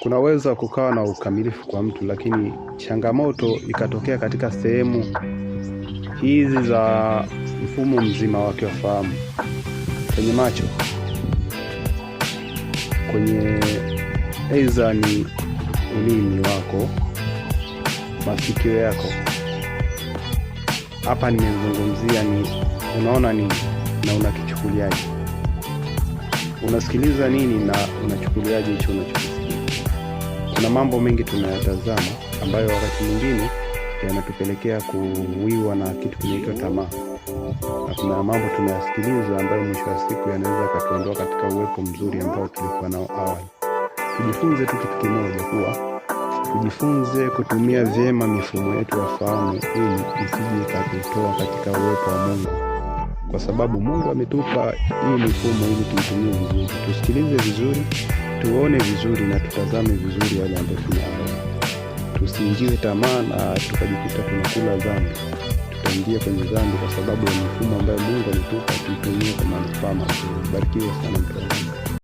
kunaweza kukawa na ukamilifu kwa mtu, lakini changamoto ikatokea katika sehemu hizi za mfumo mzima wake wa fahamu, kwenye macho, kwenye aidha ni ulimi wako, masikio yako. Hapa nimezungumzia ni unaona nini na unakichukuliaje, unasikiliza nini na unachukuliaje hicho unachokisikia. Kuna mambo mengi tunayatazama ambayo wakati mwingine yanatupelekea kuwiwa na kitu kinaitwa tamaa, na kuna mambo tunayasikiliza ambayo mwisho wa siku yanaweza akatuondoa katika uwepo mzuri ambao tulikuwa nao awali. Tujifunze tu kitu kimoja, kuwa tujifunze kutumia vyema mifumo yetu ya fahamu, ili isiji ikatutoa katika uwepo wa Mungu kwa sababu Mungu ametupa hii mifumo ili tuitumie vizuri, tusikilize vizuri tuone vizuri na tutazame vizuri wale ambao tunao tusiingie tamaa na tukajikuta tunakula dhambi, tutaingia kwenye dhambi kwa sababu ya mifumo ambayo Mungu alitupa tuitumie kwa manufaa mazuri. Barikiwe sana mtazamaji.